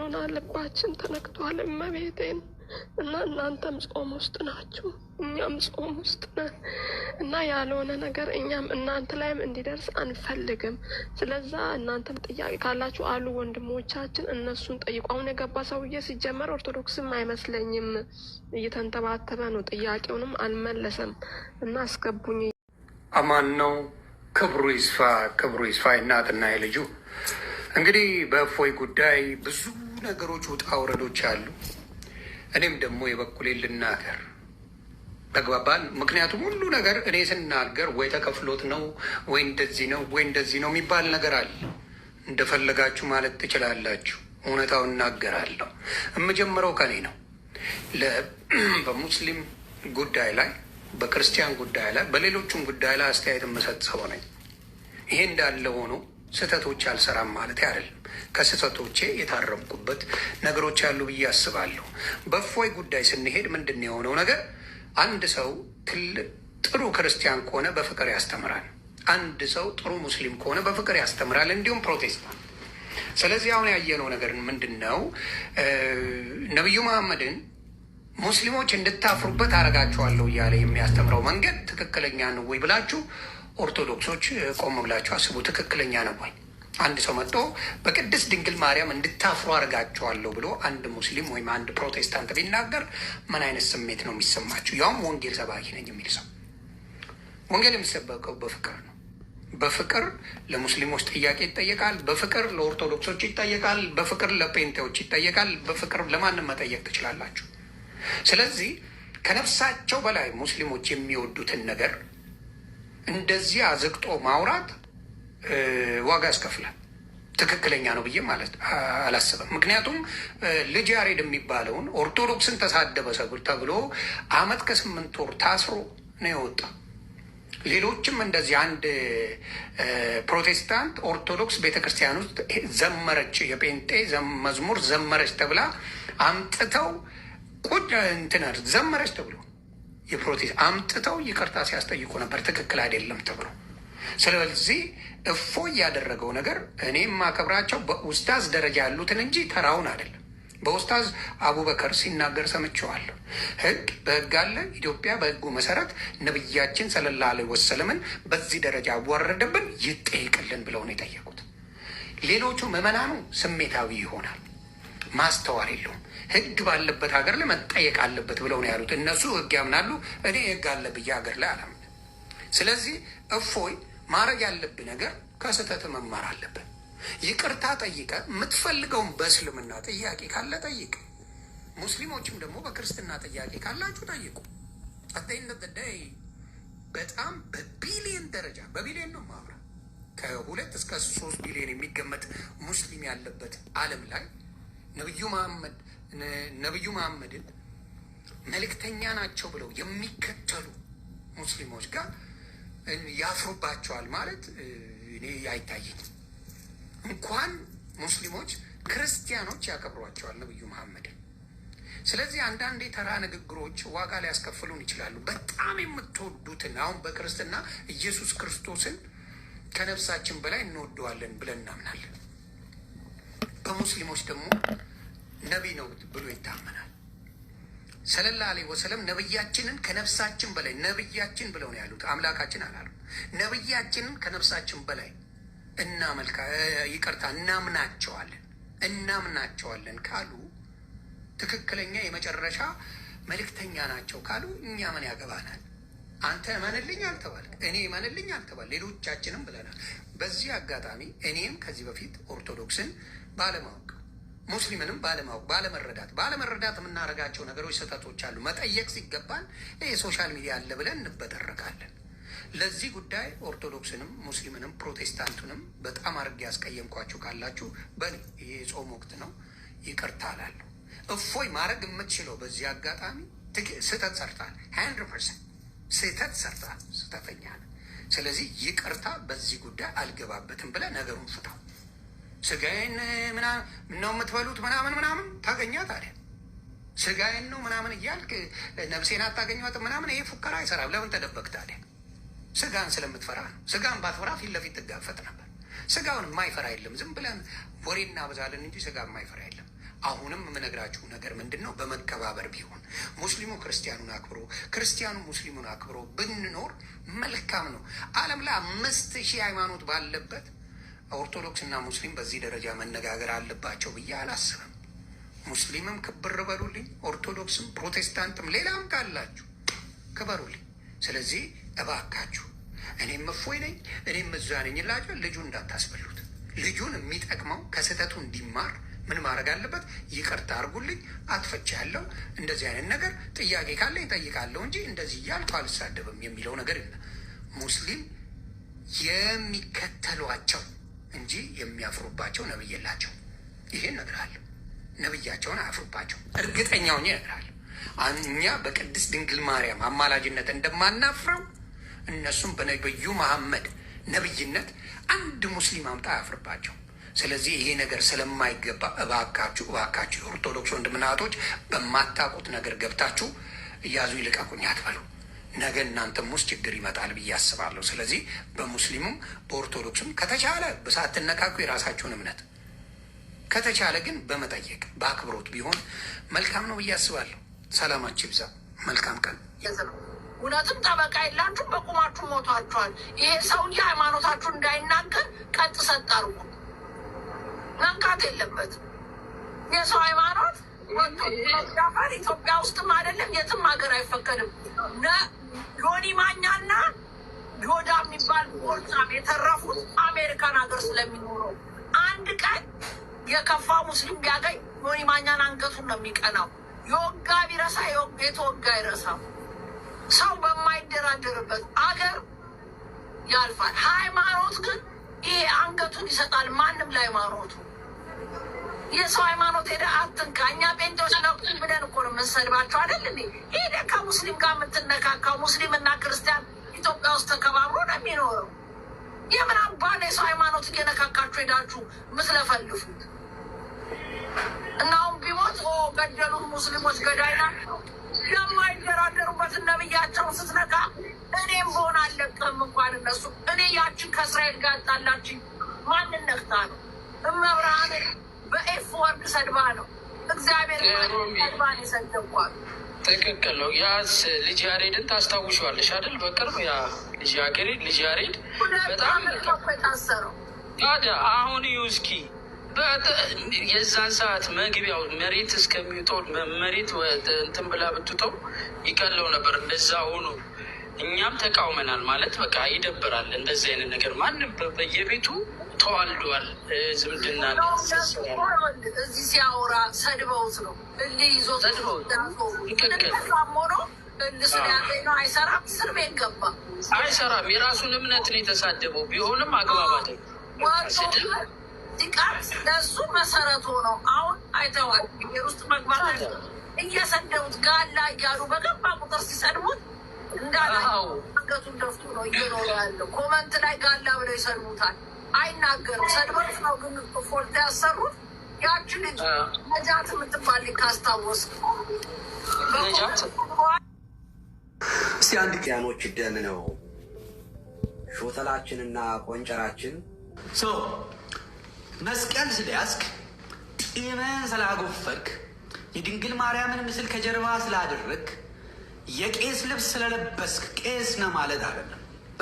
ሆና ልባችን ተነክቷል። እመቤቴን እና እናንተም ጾም ውስጥ ናችሁ፣ እኛም ጾም ውስጥ ነን እና ያልሆነ ነገር እኛም እናንተ ላይም እንዲደርስ አንፈልግም። ስለዛ እናንተም ጥያቄ ካላችሁ አሉ ወንድሞቻችን እነሱን ጠይቁ። አሁን የገባ ሰውዬ ሲጀመር ኦርቶዶክስም አይመስለኝም፣ እየተንተባተበ ነው፣ ጥያቄውንም አልመለሰም እና አስገቡኝ። አማን ነው። ክብሩ ይስፋ፣ ክብሩ ይስፋ። እናትና የልጁ እንግዲህ በእፎይ ጉዳይ ብዙ ነገሮች ውጣ ውረዶች አሉ። እኔም ደግሞ የበኩሌ ልናገር። ተግባባን። ምክንያቱም ሁሉ ነገር እኔ ስናገር ወይ ተከፍሎት ነው ወይ እንደዚህ ነው ወይ እንደዚህ ነው የሚባል ነገር አለ። እንደፈለጋችሁ ማለት ትችላላችሁ። እውነታው እናገራለሁ። የምጀምረው ከኔ ነው። በሙስሊም ጉዳይ ላይ፣ በክርስቲያን ጉዳይ ላይ፣ በሌሎቹም ጉዳይ ላይ አስተያየት የምሰጥ ሰው ነኝ። ይሄ እንዳለ ሆኖ ስህተቶች አልሰራም ማለት አይደለም። ከስህተቶቼ የታረምኩበት ነገሮች ያሉ ብዬ አስባለሁ። በእፎይ ጉዳይ ስንሄድ ምንድን የሆነው ነገር? አንድ ሰው ትልቅ ጥሩ ክርስቲያን ከሆነ በፍቅር ያስተምራል። አንድ ሰው ጥሩ ሙስሊም ከሆነ በፍቅር ያስተምራል፣ እንዲሁም ፕሮቴስታንት። ስለዚህ አሁን ያየነው ነገር ምንድን ነው? ነቢዩ መሐመድን ሙስሊሞች እንድታፍሩበት አረጋችኋለሁ እያለ የሚያስተምረው መንገድ ትክክለኛ ነው ወይ ብላችሁ ኦርቶዶክሶች ቆም ብላችሁ አስቡ። ትክክለኛ ነው ወይ? አንድ ሰው መጥቶ በቅድስት ድንግል ማርያም እንድታፍሩ አድርጋችኋለሁ ብሎ አንድ ሙስሊም ወይም አንድ ፕሮቴስታንት ቢናገር ምን አይነት ስሜት ነው የሚሰማችሁ? ያውም ወንጌል ሰባኪ ነኝ የሚል ሰው። ወንጌል የሚሰበከው በፍቅር ነው። በፍቅር ለሙስሊሞች ጥያቄ ይጠየቃል። በፍቅር ለኦርቶዶክሶች ይጠየቃል። በፍቅር ለጴንቴዎች ይጠየቃል። በፍቅር ለማንም መጠየቅ ትችላላችሁ። ስለዚህ ከነፍሳቸው በላይ ሙስሊሞች የሚወዱትን ነገር እንደዚህ አዘግጦ ማውራት ዋጋ ያስከፍላል። ትክክለኛ ነው ብዬ ማለት አላስብም። ምክንያቱም ልጅ ያሬድ የሚባለውን ኦርቶዶክስን ተሳደበ ተብሎ አመት ከስምንት ወር ታስሮ ነው የወጣ። ሌሎችም እንደዚህ አንድ ፕሮቴስታንት ኦርቶዶክስ ቤተክርስቲያን ውስጥ ዘመረች፣ የጴንጤ መዝሙር ዘመረች ተብላ አምጥተው ቁጭ እንትነር ዘመረች ተብሎ የፕሮቴስ አምጥተው ይቅርታ ሲያስጠይቁ ነበር ትክክል አይደለም ተብሎ። ስለዚህ እፎ ያደረገው ነገር እኔ የማከብራቸው በኡስታዝ ደረጃ ያሉትን እንጂ ተራውን አይደለም። በኡስታዝ አቡበከር ሲናገር ሰምቸዋለሁ። ህግ በህግ አለ። ኢትዮጵያ በህጉ መሰረት ነብያችን ሰለላሁ ዐለይሂ ወሰለምን በዚህ ደረጃ ወረደብን ይጠይቅልን ብለው ነው የጠየቁት። ሌሎቹ ምዕመናኑ ስሜታዊ ይሆናል፣ ማስተዋል የለውም። ህግ ባለበት ሀገር ላይ መጠየቅ አለበት ብለው ነው ያሉት። እነሱ ህግ ያምናሉ፣ እኔ ህግ አለ ብዬ ሀገር ላይ አላምን። ስለዚህ እፎይ ማድረግ ያለብህ ነገር ከስህተት መማር አለብን። ይቅርታ ጠይቀ የምትፈልገውን በእስልምና ጥያቄ ካለ ጠይቅ። ሙስሊሞችም ደግሞ በክርስትና ጥያቄ ካላችሁ ጠይቁ። አጠይነትዳይ በጣም በቢሊየን ደረጃ በቢሊየን ነው ማብራ ከሁለት እስከ ሶስት ቢሊዮን የሚገመት ሙስሊም ያለበት ዓለም ላይ ነብዩ መሐመድ ነቢዩ መሐመድን መልእክተኛ ናቸው ብለው የሚከተሉ ሙስሊሞች ጋር ያፍሩባቸዋል ማለት እኔ አይታየኝ። እንኳን ሙስሊሞች ክርስቲያኖች ያከብሯቸዋል ነቢዩ መሐመድን። ስለዚህ አንዳንዴ ተራ ንግግሮች ዋጋ ሊያስከፍሉን ይችላሉ። በጣም የምትወዱትን አሁን በክርስትና ኢየሱስ ክርስቶስን ከነፍሳችን በላይ እንወደዋለን ብለን እናምናለን። በሙስሊሞች ደግሞ ነቢይ ነው ብሎ ይታመናል። ሰለላ ዐለይሂ ወሰለም ነብያችንን ከነፍሳችን በላይ ነብያችን ብለው ነው ያሉት። አምላካችን አላሉ። ነብያችንን ከነፍሳችን በላይ እናመልካ ይቅርታ፣ እናምናቸዋለን እናምናቸዋለን ካሉ ትክክለኛ የመጨረሻ መልእክተኛ ናቸው ካሉ እኛ ምን ያገባናል? አንተ እመንልኝ አልተባል፣ እኔ እመንልኝ አልተባል፣ ሌሎቻችንም ብለናል። በዚህ አጋጣሚ እኔም ከዚህ በፊት ኦርቶዶክስን ባለማወቅ ሙስሊምንም ባለማወቅ ባለመረዳት ባለመረዳት የምናደርጋቸው ነገሮች ስህተቶች አሉ። መጠየቅ ሲገባን ይህ ሶሻል ሚዲያ አለ ብለን እንበጠረቃለን። ለዚህ ጉዳይ ኦርቶዶክስንም ሙስሊምንም ፕሮቴስታንቱንም በጣም አድርጌ ያስቀየምኳችሁ ካላችሁ በል የጾም ወቅት ነው ይቅርታ እላለሁ። እፎይ ማድረግ የምትችለው በዚህ አጋጣሚ ስህተት ሰርታል፣ ሀንድ ፐርሰንት ስህተት ሰርታል፣ ስህተተኛ ነህ። ስለዚህ ይቅርታ በዚህ ጉዳይ አልገባበትም ብለህ ነገሩን ፍታው። ስጋዬን ነው የምትበሉት ምናምን ምናምን ታገኛት አለ። ስጋዬን ነው ምናምን እያልክ ነብሴን አታገኟት ምናምን፣ ይሄ ፉከራ አይሰራም። ለምን ተደበቅ ታዲያ? ስጋን ስለምትፈራ ነው። ስጋን ባትፈራ ፊት ለፊት ትጋፈጥ ነበር። ስጋውን የማይፈራ የለም። ዝም ብለን ወሬ እናበዛለን እንጂ ስጋ የማይፈራ የለም። አሁንም የምነግራችሁ ነገር ምንድን ነው? በመከባበር ቢሆን ሙስሊሙ ክርስቲያኑን አክብሮ፣ ክርስቲያኑ ሙስሊሙን አክብሮ ብንኖር መልካም ነው። ዓለም ላይ አምስት ሺህ ሃይማኖት ባለበት ኦርቶዶክስና ሙስሊም በዚህ ደረጃ መነጋገር አለባቸው ብዬ አላስብም። ሙስሊምም ክብር በሉልኝ፣ ኦርቶዶክስም ፕሮቴስታንትም ሌላም ካላችሁ ክበሩልኝ። ስለዚህ እባካችሁ እኔም እፎይ ነኝ፣ እኔም እዛ ነኝ እላቸው። ልጁን እንዳታስበሉት። ልጁን የሚጠቅመው ከስህተቱ እንዲማር ምን ማድረግ አለበት? ይቅርታ አድርጉልኝ፣ አጥፈቻ ያለው እንደዚህ አይነት ነገር ጥያቄ ካለ ይጠይቃለሁ እንጂ እንደዚህ እያልኩ አልሳደብም የሚለው ነገር ሙስሊም የሚከተሏቸው እንጂ የሚያፍሩባቸው ነብይ የላቸው። ይሄን እነግርሃለሁ። ነብያቸውን አያፍሩባቸው። እርግጠኛው እነግርሃለሁ። እኛ በቅድስት ድንግል ማርያም አማላጅነት እንደማናፍረው እነሱም በነብዩ መሐመድ ነብይነት አንድ ሙስሊም አምጣ አያፍርባቸው። ስለዚህ ይሄ ነገር ስለማይገባ እባካችሁ እባካችሁ የኦርቶዶክስ ወንድምናቶች በማታውቁት ነገር ገብታችሁ እያዙ ይልቀቁኝ አትበሉ። ነገ እናንተም ውስጥ ችግር ይመጣል ብዬ አስባለሁ። ስለዚህ በሙስሊሙም በኦርቶዶክሱም ከተቻለ ሳትነካኩ የራሳችሁን እምነት ከተቻለ ግን በመጠየቅ በአክብሮት ቢሆን መልካም ነው ብዬ አስባለሁ። ሰላማችሁ ይብዛ። መልካም ቀን። እውነትም ጠበቃ የላችሁ፣ በቁማችሁ ሞታችኋል። ይሄ ሰውዬ ሃይማኖታችሁ እንዳይናገር ቀጥ ሰጥ አድርጉ። መንካት የለበትም የሰው ሃይማኖት። ኢትዮጵያ ውስጥም አይደለም የትም ሀገር አይፈቀድም። ዮኒ ማኛና ዮዳ የሚባል ጎርጻም የተረፉት አሜሪካን ሀገር ስለሚኖረው አንድ ቀን የከፋ ሙስሊም ቢያገኝ ዮኒ ማኛን አንገቱን ነው የሚቀናው። የወጋ ቢረሳ የተወጋ አይረሳም። ሰው በማይደራደርበት አገር ያልፋል። ሃይማኖት ግን ይሄ አንገቱን ይሰጣል ማንም ለሃይማኖቱ የሰው ሃይማኖት ሄደ አትንካ። እኛ ጴንጤዎች ነው ብለን እኮ ነው የምንሰድባቸው አይደል እንዴ? ሄደ ከሙስሊም ጋር የምትነካካው ሙስሊም እና ክርስቲያን ኢትዮጵያ ውስጥ ተከባብሮ ነው የሚኖረው። የምን አባል የሰው ሃይማኖት እየነካካችሁ ሄዳችሁ ምስለፈልፉት? እናሁም ቢሞት ገደሉት ሙስሊሞች ገዳይና የማይደራደሩበትን ነብያቸውን ስትነካ እኔም ሆን አለቅም እንኳን እነሱ እኔ ያችን ከእስራኤል ጋር ጣላችን ማንነክታ ነው እመብርሃን በኤፍ ሰድባ ነው። እግዚአብሔር ትክክል ነው። ያ ልጅ ያሬድን ታስታውሻለሽ አይደል? በቅርብ ያ ልጅ ያሬድ ልጅ ያሬድ በጣም የታሰረው ታዲያ አሁን ዩስኪ የዛን ሰዓት መግቢያው መሬት እስከሚውጠው መሬት እንትን ብላ ብትውጠው ይቀለው ነበር። እንደዛ ሆኖ እኛም ተቃውመናል ማለት በቃ ይደብራል። እንደዚህ አይነት ነገር ማንም በየቤቱ ተዋልዷል። ዝምድና እዚህ ሲያወራ ሰድበውት ነው እንዲ ይዞ አይሰራም፣ እስር ቤት ገባ። አይሰራም። የራሱን እምነት ነው የተሳደበው። ቢሆንም አግባባት ጥቃት ለሱ መሰረቱ ነው። አሁን አይተዋል። ብሔር ውስጥ መግባት እየሰደቡት ጋላ እያሉ በገባ ቁጥር ሲሰድቡት እንዳላ አንገቱን ደፍቶ ነው እየኖረ ያለው። ኮመንት ላይ ጋላ ብለው ይሰድቡታል። አይናገርም። ሰድበርት ነው ግን ፎልታ ያሰሩት። ያች ልጅ ነጃት የምትባል ካስታወስ እስቲ አንድ ቅያኖች ደን ነው ሾተላችንና ቆንጨራችን መስቀል ስለያዝክ ጢምህን ስላጎፈክ የድንግል ማርያምን ምስል ከጀርባ ስላደረግ የቄስ ልብስ ስለለበስክ ቄስ ነ ማለት አይደለም።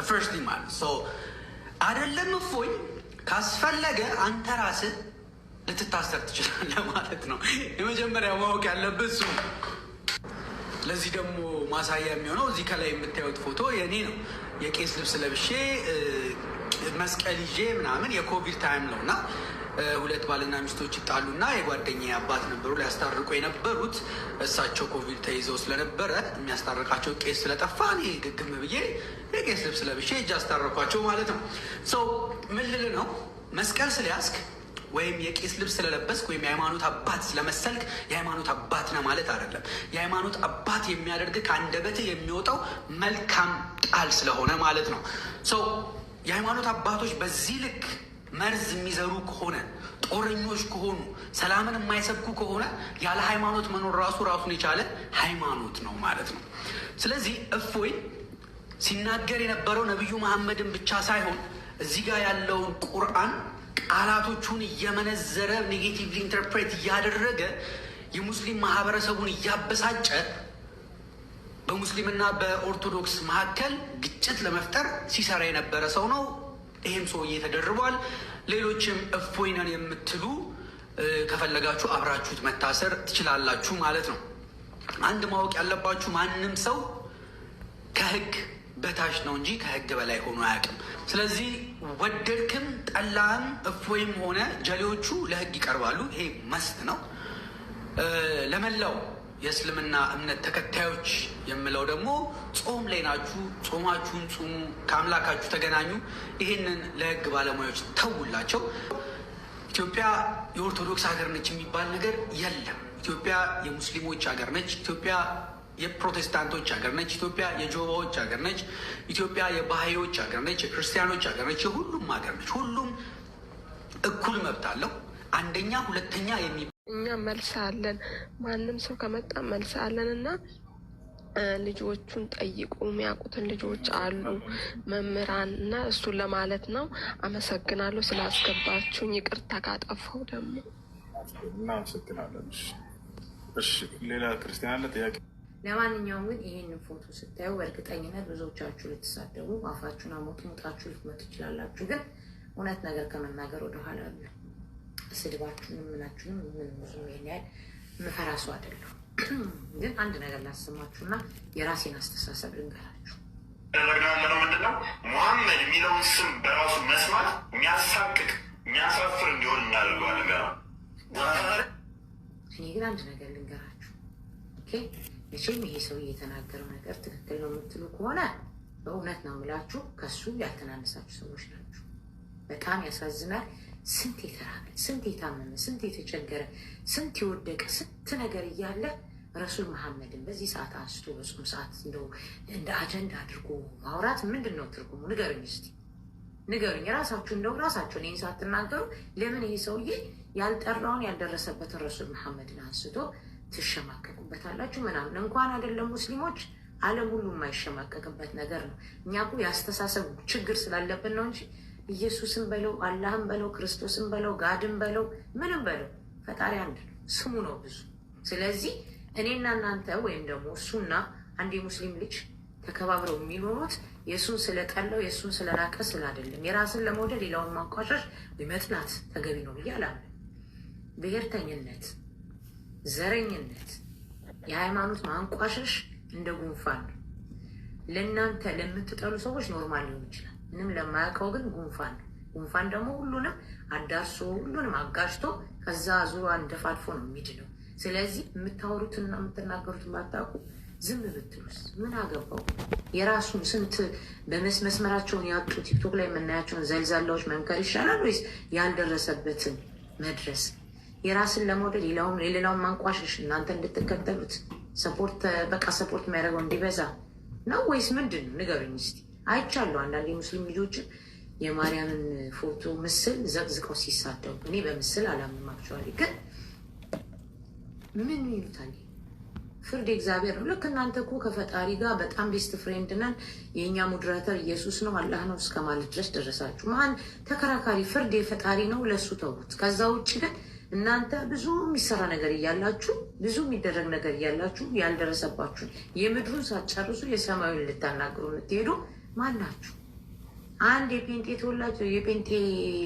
ፈርስት ማለት አይደለም እፎኝ ካስፈለገ አንተ ራስህ ልትታሰር ትችላለህ ማለት ነው። የመጀመሪያ ማወቅ ያለብህ እሱ። ለዚህ ደግሞ ማሳያ የሚሆነው እዚህ ከላይ የምታዩት ፎቶ የእኔ ነው። የቄስ ልብስ ለብሼ መስቀል ይዤ ምናምን የኮቪድ ታይም ነው እና ሁለት ባልና ሚስቶች ይጣሉና የጓደኛ አባት ነበሩ ሊያስታርቁ የነበሩት። እሳቸው ኮቪድ ተይዘው ስለነበረ የሚያስታርቃቸው ቄስ ስለጠፋ እኔ ግግም ብዬ የቄስ ልብስ ለብሼ እጅ አስታረኳቸው ማለት ነው። ሰው ምን ልል ነው መስቀል ስለያዝክ ወይም የቄስ ልብስ ስለለበስክ ወይም የሃይማኖት አባት ስለመሰልክ የሃይማኖት አባት ነህ ማለት አይደለም። የሃይማኖት አባት የሚያደርግ ከአንደበትህ የሚወጣው መልካም ቃል ስለሆነ ማለት ነው። ሰው የሃይማኖት አባቶች በዚህ ልክ መርዝ የሚዘሩ ከሆነ ጦረኞች ከሆኑ ሰላምን የማይሰብኩ ከሆነ ያለ ሃይማኖት መኖር ራሱ ራሱን የቻለ ሃይማኖት ነው ማለት ነው። ስለዚህ እፎይ ሲናገር የነበረው ነቢዩ መሐመድን ብቻ ሳይሆን እዚህ ጋር ያለውን ቁርአን ቃላቶቹን እየመነዘረ ኔጌቲቭሊ ኢንተርፕሬት እያደረገ የሙስሊም ማህበረሰቡን እያበሳጨ በሙስሊምና በኦርቶዶክስ መካከል ግጭት ለመፍጠር ሲሰራ የነበረ ሰው ነው። ይህም ሰውዬ ተደርቧል። ሌሎችም እፎይ ነን የምትሉ ከፈለጋችሁ አብራችሁት መታሰር ትችላላችሁ ማለት ነው። አንድ ማወቅ ያለባችሁ ማንም ሰው ከህግ በታች ነው እንጂ ከህግ በላይ ሆኖ አያውቅም። ስለዚህ ወደድክም ጠላህም እፎይም ሆነ ጀሌዎቹ ለህግ ይቀርባሉ። ይሄ መስት ነው ለመላው የእስልምና እምነት ተከታዮች የምለው ደግሞ ጾም ላይ ናችሁ፣ ጾማችሁን ጹሙ፣ ከአምላካችሁ ተገናኙ። ይህንን ለህግ ባለሙያዎች ተውላቸው። ኢትዮጵያ የኦርቶዶክስ ሀገር ነች የሚባል ነገር የለም። ኢትዮጵያ የሙስሊሞች ሀገር ነች። ኢትዮጵያ የፕሮቴስታንቶች ሀገር ነች። ኢትዮጵያ የጆባዎች ሀገር ነች። ኢትዮጵያ የባህዮች ሀገር ነች። የክርስቲያኖች ሀገር ነች። የሁሉም ሀገር ነች። ሁሉም እኩል መብት አለው። አንደኛ ሁለተኛ የሚ እኛ መልስ አለን። ማንም ሰው ከመጣ መልስ አለን እና ልጆቹን ጠይቁ። የሚያውቁትን ልጆች አሉ መምህራን እና እሱን ለማለት ነው። አመሰግናለሁ ስላስገባችሁኝ። ይቅርታ ካጠፋው ደግሞ እናመሰግናለን። እሺ፣ ሌላ ክርስቲያን አለ ጥያቄ? ለማንኛውም ግን ይህን ፎቶ ስታዩ በእርግጠኝነት ብዙዎቻችሁ ልትሳደቡ አፋችሁን አሞቱ ሙጣችሁ ልትመት ትችላላችሁ። ግን እውነት ነገር ከመናገር ወደኋላ ስድባችሁንም ምናችሁንም ምንም ይሄን ያህል ምፈራ ሰው አይደለሁ። ግን አንድ ነገር ላሰማችሁና የራሴን አስተሳሰብ ልንገራችሁ። ያደረግነው ምንድን ነው? ሙሐመድ የሚለውን ስም በራሱ መስማት የሚያሳቅቅ የሚያሳፍር እንዲሆን እናደርገዋል። ነገር እኔ ግን አንድ ነገር ልንገራችሁ። ኦኬ መቼም ይሄ ሰው የተናገረው ነገር ትክክል ነው የምትሉ ከሆነ በእውነት ነው የምላችሁ፣ ከሱ ያልተናነሳችሁ ሰዎች ናችሁ። በጣም ያሳዝናል። ስንት የተራበ፣ ስንት የታመመ፣ ስንት የተቸገረ፣ ስንት የወደቀ፣ ስንት ነገር እያለ ረሱል መሐመድን በዚህ ሰዓት አንስቶ በጾም ሰዓት እንደው እንደ አጀንዳ አድርጎ ማውራት ምንድን ነው ትርጉሙ? ንገሩኝ እስኪ ንገሩኝ። ራሳችሁ እንደው ራሳችሁን ይህን ሳትናገሩ ለምን ይሄ ሰውዬ ያልጠራውን ያልደረሰበትን ረሱል መሐመድን አንስቶ ትሸማቀቁበታላችሁ? ምናምን እንኳን አይደለም ሙስሊሞች ዓለም ሁሉ የማይሸማቀቅበት ነገር ነው። እኛ እኮ የአስተሳሰብ ችግር ስላለብን ነው እንጂ ኢየሱስን በለው አላህን በለው ክርስቶስን በለው ጋድን በለው ምንም በለው ፈጣሪ አንድ ነው፣ ስሙ ነው ብዙ። ስለዚህ እኔና እናንተ ወይም ደግሞ እሱና አንድ የሙስሊም ልጅ ተከባብረው የሚኖሩት የእሱን ስለጠላው የእሱን ስለራቀ ስለ አይደለም። የራስን ለመውደድ ሌላውን ማንቋሻሽ መጥላት ተገቢ ነው ብዬ አላምንም። ብሔርተኝነት፣ ዘረኝነት፣ የሃይማኖት ማንቋሸሽ እንደ ጉንፋን ነው። ለእናንተ ለምትጠሉ ሰዎች ኖርማል ሊሆን ይችላል። ምንም ለማያውቀው ግን ጉንፋን ጉንፋን ደግሞ ሁሉንም አዳርሶ ሁሉንም አጋጭቶ ከዛ ዙሯን ደፋልፎ ነው የሚድነው። ስለዚህ የምታወሩትና የምትናገሩትን ባታውቁ ዝም ብትሉስ ምን አገባው? የራሱን ስንት በመስመስመራቸውን ያጡ ቲክቶክ ላይ የምናያቸውን ዘልዛላዎች መንከር ይሻላል ወይስ ያልደረሰበትን መድረስ? የራስን ለመውደድ የሌላውን ማንቋሸሽ እናንተ እንድትከተሉት ሰፖርት በቃ ሰፖርት የሚያደርገው እንዲበዛ ነው ወይስ ምንድን ነው? ንገሩኝ እስኪ። አይቻለሁ። አንዳንድ የሙስሊም ልጆችን የማርያምን ፎቶ ምስል ዘቅዝቀው ሲሳደው እኔ በምስል አላምማቸዋል። ግን ምን ይሉታል? ፍርድ እግዚአብሔር ነው። ልክ እናንተ እኮ ከፈጣሪ ጋር በጣም ቤስት ፍሬንድ ነን፣ የእኛ ሙድራተር ኢየሱስ ነው አላህ ነው እስከ ማለት ድረስ ደረሳችሁ። ማን ተከራካሪ ፍርድ የፈጣሪ ነው፣ ለእሱ ተውት። ከዛ ውጭ ግን እናንተ ብዙ የሚሰራ ነገር እያላችሁ ብዙ የሚደረግ ነገር እያላችሁ ያልደረሰባችሁ የምድሩን ሳትጨርሱ የሰማዩን ልታናግሩ የምትሄዱ ማን አንድ የጴንጤ ተወላጅ የጴንጤ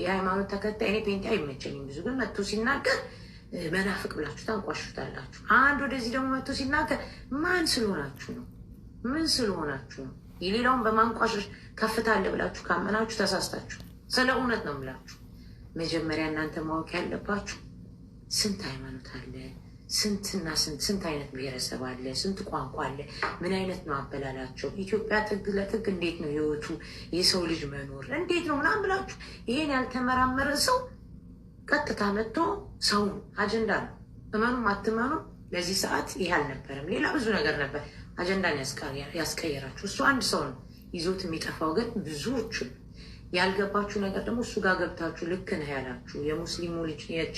የሃይማኖት ተከታይ እኔ ጴንጤ አይመቸኝም ብዙ ግን መጥቶ ሲናገር መናፍቅ ብላችሁ ታንቋሽታላችሁ። አንድ ወደዚህ ደግሞ መጥቶ ሲናገር ማን ስለሆናችሁ ነው? ምን ስለሆናችሁ ነው? የሌላውን በማንቋሸሽ ከፍታ አለ ብላችሁ ካመናችሁ ተሳስታችሁ። ስለ እውነት ነው የምላችሁ። መጀመሪያ እናንተ ማወቅ ያለባችሁ ስንት ሃይማኖት አለ ስንትና ስንት ስንት አይነት ብሔረሰብ አለ፣ ስንት ቋንቋ አለ፣ ምን አይነት ነው አበላላቸው፣ ኢትዮጵያ ጥግ ለጥግ እንዴት ነው ህይወቱ፣ የሰው ልጅ መኖር እንዴት ነው ምናምን ብላችሁ ይሄን ያልተመራመረ ሰው ቀጥታ መጥቶ ሰው አጀንዳ ነው። እመኑም አትመኑም ለዚህ ሰዓት ይህ አልነበረም። ሌላ ብዙ ነገር ነበር አጀንዳን ያስቀየራችሁ። እሱ አንድ ሰው ነው ይዞት የሚጠፋው ግን ብዙዎቹ ያልገባችሁ ነገር ደግሞ እሱ ጋር ገብታችሁ ልክ ነህ ያላችሁ የሙስሊሙ ልጅ ያቺ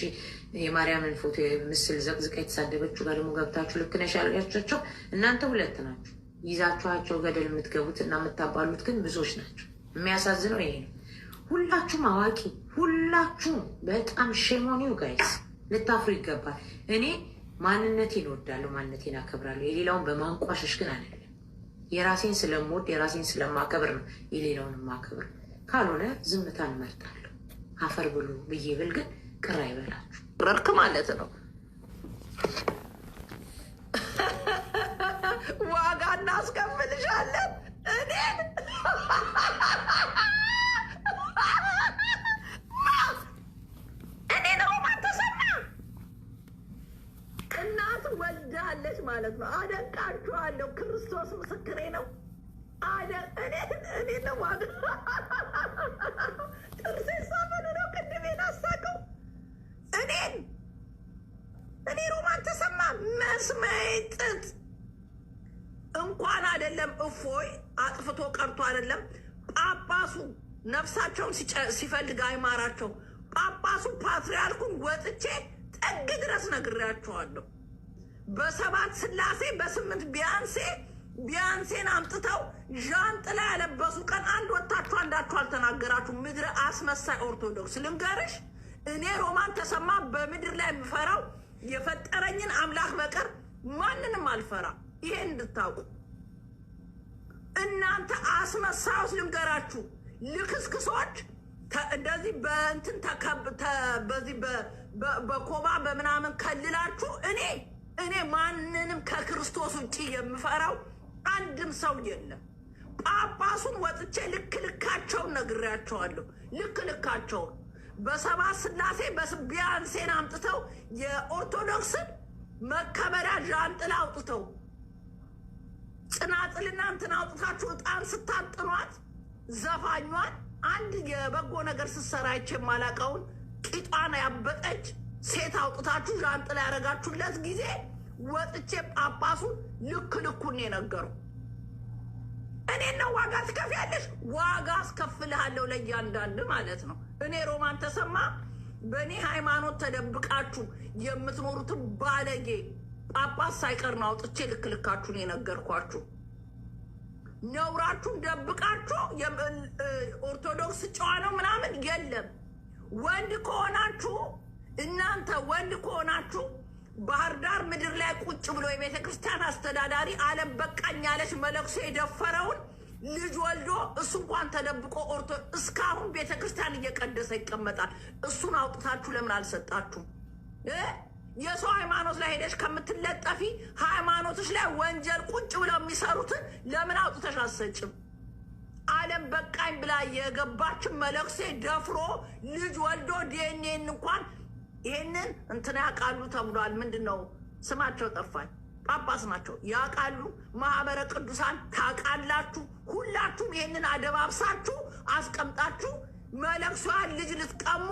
የማርያምን ፎቶ ምስል ዘቅዝቃ የተሳደበችው ጋር ደግሞ ገብታችሁ ልክ ነሽ ያላቻቸው እናንተ ሁለት ናችሁ። ይዛችኋቸው ገደል የምትገቡት እና የምታባሉት ግን ብዙዎች ናቸው። የሚያሳዝነው ይሄ ነው። ሁላችሁም አዋቂ፣ ሁላችሁም በጣም ሸሞኒው ጋይስ ልታፍሩ ይገባል። እኔ ማንነቴን እወዳለሁ፣ ማንነቴን አከብራለሁ። የሌላውን በማንቋሸሽ ግን አይደለም። የራሴን ስለምወድ የራሴን ስለማከብር ነው የሌላውን ማከብር ካልሆነ ዝምታን እመርጣለሁ። አፈር ብሉ ብዬ ብል ግን ቅር አይበላችሁ። ረርክ ማለት ነው ዋጋ እናስከፍልሻለን። እኔ እኔ ነው ማተሰማ እናት ወልዳለች ማለት ነው። አደንቃችኋለሁ። ክርስቶስ ምስክሬ ነው። አደ እኔ ዋጋ ቀርቶ አይደለም ጳጳሱ ነፍሳቸውን ሲፈልግ አይማራቸው። ጳጳሱ ፓትርያርኩን ወጥቼ ጥግ ድረስ ነግሬያቸዋለሁ። በሰባት ስላሴ በስምንት ቢያንሴ ቢያንሴን አምጥተው ዣንጥላ ያለበሱ ቀን አንድ ወታችሁ አንዳችሁ አልተናገራችሁ። ምድረ አስመሳይ ኦርቶዶክስ ልንገርሽ፣ እኔ ሮማን ተሰማ በምድር ላይ የምፈራው የፈጠረኝን አምላክ በቀር ማንንም አልፈራ። ይሄን እንድታውቁ እናንተ አስመሳዮች ልንገራችሁ፣ ልክስክሶች እንደዚህ በእንትን በዚህ በኮባ በምናምን ከልላችሁ እኔ እኔ ማንንም ከክርስቶስ ውጭ የምፈራው አንድም ሰው የለም። ጳጳሱን ወጥቼ ልክ ልካቸውን ነግሬያቸዋለሁ። ልክ ልካቸውን በሰባ ስላሴ ቢያንሴን አምጥተው የኦርቶዶክስን መከበሪያ ዣንጥላ አውጥተው ጽናጽልና እንትን አውጥታችሁ እጣን ስታጥኗት ዘፋኟን አንድ የበጎ ነገር ስትሰራች የማላቀውን ቂጧን ያበጠች ሴት አውጥታችሁ ዣንጥላ ያደረጋችሁለት ጊዜ ወጥቼ ጳጳሱ ልክ ልኩን የነገሩ እኔን ነው ዋጋ ትከፍያለሽ። ዋጋ አስከፍልሃለሁ ለእያንዳንድ ማለት ነው። እኔ ሮማን ተሰማ በእኔ ሃይማኖት ተደብቃችሁ የምትኖሩትን ባለጌ ጳጳስ ሳይቀር ነው አውጥቼ ልክ ልካችሁን የነገርኳችሁ። ነውራችሁን ደብቃችሁ ኦርቶዶክስ ጨዋ ነው ምናምን የለም። ወንድ ከሆናችሁ እናንተ ወንድ ከሆናችሁ ባህር ዳር ምድር ላይ ቁጭ ብሎ የቤተ ክርስቲያን አስተዳዳሪ አለም በቃኝ ያለች መለኩሶ የደፈረውን ልጅ ወልዶ እሱ እንኳን ተደብቆ ኦርቶ እስካሁን ቤተ ክርስቲያን እየቀደሰ ይቀመጣል። እሱን አውጥታችሁ ለምን አልሰጣችሁም? የሰው ሃይማኖት ላይ ሄደሽ ከምትለጠፊ ሃይማኖቶች ላይ ወንጀል ቁጭ ብለው የሚሰሩትን ለምን አውጥተሽ አሰጭም? ዓለም በቃኝ ብላ የገባችን መለክሴ ደፍሮ ልጅ ወልዶ ዲኤንኤን እንኳን ይህንን እንትን ያውቃሉ ተብሏል። ምንድን ነው ስማቸው ጠፋኝ። ጳጳስ ናቸው ያውቃሉ። ማህበረ ቅዱሳን ታውቃላችሁ። ሁላችሁም ይህንን አደባብሳችሁ አስቀምጣችሁ መለክሷን ልጅ ልትቀሙ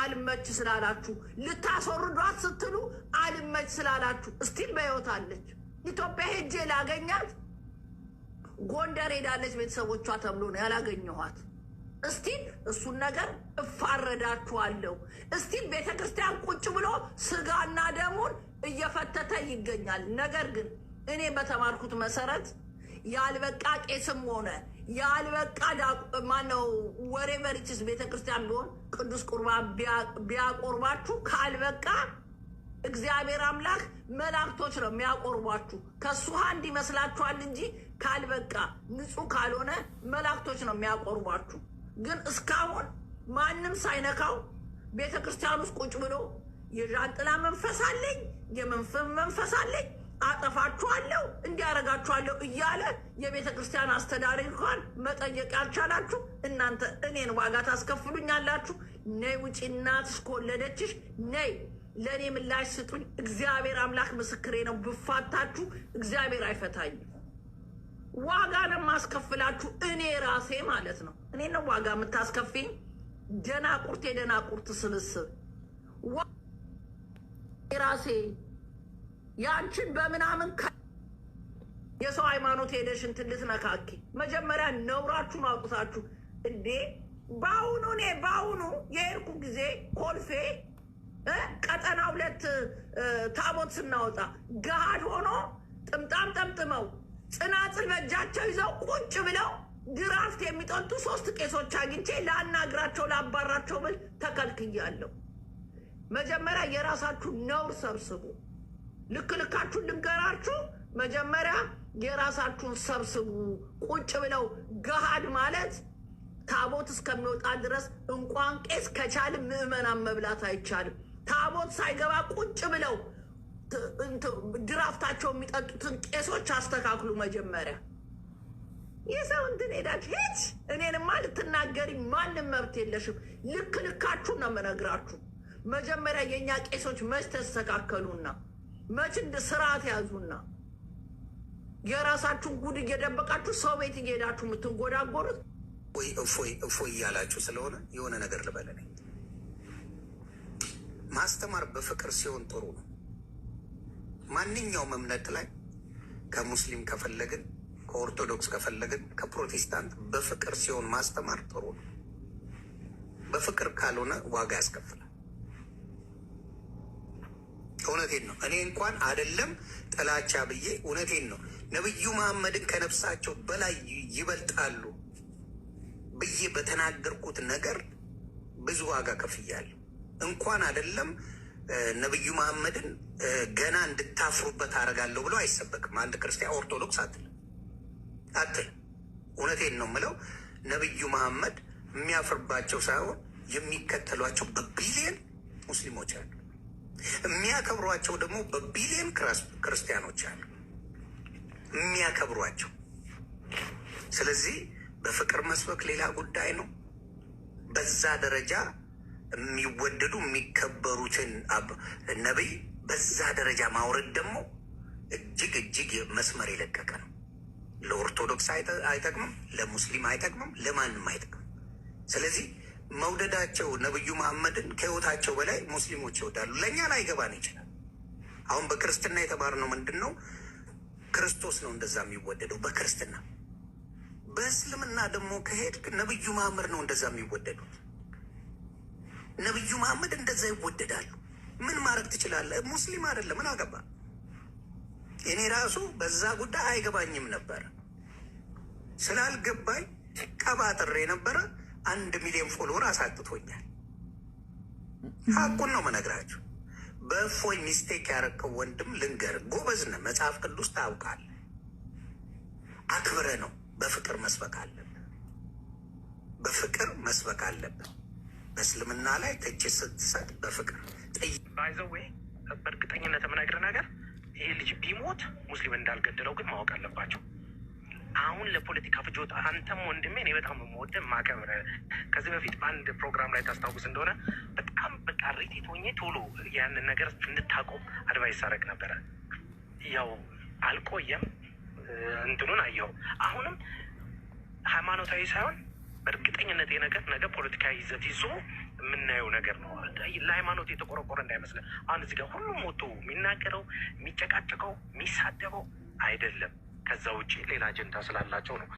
አልመች ስላላችሁ ልታስወርዷት ስትሉ አልመች ስላላችሁ እስቲል በሕይወት አለች። ኢትዮጵያ ሄጄ ላገኛት ጎንደር ሄዳለች ቤተሰቦቿ ተብሎ ነው ያላገኘኋት። እስቲል እሱን ነገር እፋረዳችኋለሁ። እስቲል ቤተ ክርስቲያን ቁጭ ብሎ ስጋና ደሙን እየፈተተ ይገኛል። ነገር ግን እኔ በተማርኩት መሰረት ያልበቃ ቄስም ሆነ ያልበቃ ማነው ወሬ በርችስ ቤተክርስቲያን ቢሆን ቅዱስ ቁርባን ቢያቆርባችሁ ካልበቃ እግዚአብሔር አምላክ መላእክቶች ነው የሚያቆርቧችሁ። ከእሱ አንድ ይመስላችኋል እንጂ ካልበቃ ንጹህ ካልሆነ መላእክቶች ነው የሚያቆርቧችሁ። ግን እስካሁን ማንም ሳይነካው ቤተክርስቲያን ውስጥ ቁጭ ብሎ የዣንጥላ መንፈስ አለኝ የመንፈስ መንፈስ አለኝ አጠፋችኋለሁ እንዲያረጋችኋለሁ እያለ የቤተ ክርስቲያን አስተዳሪ እንኳን መጠየቅ ያልቻላችሁ እናንተ እኔን ዋጋ ታስከፍሉኛላችሁ? ነይ ውጪ፣ እናትሽ ከወለደችሽ ነይ ለእኔ ምላሽ ስጡኝ። እግዚአብሔር አምላክ ምስክሬ ነው። ብፋታችሁ እግዚአብሔር አይፈታኝም። ዋጋ ነው የማስከፍላችሁ እኔ ራሴ ማለት ነው። እኔ ነው ዋጋ የምታስከፍኝ። ደናቁርት የደናቁርት ስብስብ ራሴ ያንቺን በምናምን የሰው ሃይማኖት ሄደሽ እንትን ልትነካኪ መጀመሪያ ነውራችሁን አውጥታችሁ እንዴ! በአሁኑ እኔ በአሁኑ የሄድኩ ጊዜ ኮልፌ ቀጠና ሁለት ታቦት ስናወጣ ገሃድ ሆኖ ጥምጣም ጠምጥመው ጽናጽል በእጃቸው ይዘው ቁጭ ብለው ድራፍት የሚጠጡ ሶስት ቄሶች አግኝቼ ላናግራቸው ላባራቸው ብል ተከልክያለሁ። መጀመሪያ የራሳችሁ ነውር ሰብስቡ። ልክ ልካችሁን ልንገራችሁ። መጀመሪያ የራሳችሁን ሰብስቡ። ቁጭ ብለው ገሃድ ማለት ታቦት እስከሚወጣ ድረስ እንኳን ቄስ ከቻልም ምዕመናን መብላት አይቻልም። ታቦት ሳይገባ ቁጭ ብለው ድራፍታቸው የሚጠጡትን ቄሶች አስተካክሉ። መጀመሪያ የሰው እንትን ሄዳችሁ ሄች እኔንማ ልትናገሪ ማንም መብት የለሽም። ልክ ልካችሁ ነው የምነግራችሁ። መጀመሪያ የእኛ ቄሶች መች ተስተካከሉና መችን ስርዓት ያዙና የራሳችሁን ጉድ እየደበቃችሁ ሰው ቤት እየሄዳችሁ የምትጎዳጎሩት ወይ እፎይ እፎይ እያላችሁ ስለሆነ የሆነ ነገር ልበለን። ማስተማር በፍቅር ሲሆን ጥሩ ነው። ማንኛውም እምነት ላይ ከሙስሊም ከፈለግን፣ ከኦርቶዶክስ ከፈለግን፣ ከፕሮቴስታንት በፍቅር ሲሆን ማስተማር ጥሩ ነው። በፍቅር ካልሆነ ዋጋ ያስከፍላል። እውነቴን ነው። እኔ እንኳን አይደለም ጥላቻ ብዬ እውነቴን ነው። ነቢዩ መሐመድን ከነፍሳቸው በላይ ይበልጣሉ ብዬ በተናገርኩት ነገር ብዙ ዋጋ ከፍያለሁ። እንኳን አይደለም ነቢዩ መሐመድን ገና እንድታፍሩበት አደርጋለሁ ብሎ አይሰበክም። አንድ ክርስቲያን ኦርቶዶክስ አትል አትል። እውነቴን ነው የምለው ነቢዩ መሐመድ የሚያፍርባቸው ሳይሆን የሚከተሏቸው በቢሊየን ሙስሊሞች አሉ። የሚያከብሯቸው ደግሞ በቢሊየን ክርስቲያኖች አሉ የሚያከብሯቸው። ስለዚህ በፍቅር መስበክ ሌላ ጉዳይ ነው። በዛ ደረጃ የሚወደዱ የሚከበሩትን ነቢይ በዛ ደረጃ ማውረድ ደግሞ እጅግ እጅግ መስመር የለቀቀ ነው። ለኦርቶዶክስ አይጠቅምም፣ ለሙስሊም አይጠቅምም፣ ለማንም አይጠቅምም። ስለዚህ መውደዳቸው ነብዩ መሐመድን ከህይወታቸው በላይ ሙስሊሞች ይወዳሉ። ለእኛ ላይገባን ይችላል። አሁን በክርስትና የተማርነው ምንድን ነው? ክርስቶስ ነው እንደዛ የሚወደደው በክርስትና። በእስልምና ደግሞ ከሄድ ነብዩ መሐመድ ነው እንደዛ የሚወደዱት። ነብዩ መሐመድ እንደዛ ይወደዳሉ። ምን ማድረግ ትችላለህ? ሙስሊም አይደለም። ምን አገባ? እኔ ራሱ በዛ ጉዳይ አይገባኝም ነበረ። ስላልገባኝ ቀባጥሬ ነበረ አንድ ሚሊዮን ፎሎወር አሳጥቶኛል። ሀቁን ነው መነግራችሁ። በእፎይ ሚስቴክ ያረከው ወንድም ልንገር፣ ጎበዝ ነህ፣ መጽሐፍ ቅዱስ ታውቃለህ፣ አክብረ ነው። በፍቅር መስበክ አለብን፣ በፍቅር መስበክ አለብን። በእስልምና ላይ ትችት ስትሰጥ በፍቅር ባይዘው ወይ በእርግጠኝነት የምነግርህ ነገር ይሄ ልጅ ቢሞት ሙስሊም እንዳልገደለው ግን ማወቅ አለባቸው። አሁን ለፖለቲካ ፍጆታ አንተም ወንድሜ እኔ በጣም የምወደ ማከብረ ከዚህ በፊት በአንድ ፕሮግራም ላይ ታስታውስ እንደሆነ በጣም በቃ ሪቴት ሆኜ ቶሎ ያንን ነገር እንድታቆም አድቫይስ አደረግ ነበረ። ያው አልቆየም፣ እንትኑን አየው። አሁንም ሃይማኖታዊ ሳይሆን በእርግጠኝነት ነገር ነገ ፖለቲካዊ ይዘት ይዞ የምናየው ነገር ነው። ለሃይማኖት የተቆረቆረ እንዳይመስለን። አሁን እዚህ ጋር ሁሉም ወጥቶ የሚናገረው የሚጨቃጨቀው የሚሳደበው አይደለም። ከዛ ውጭ ሌላ አጀንዳ ስላላቸው ነው።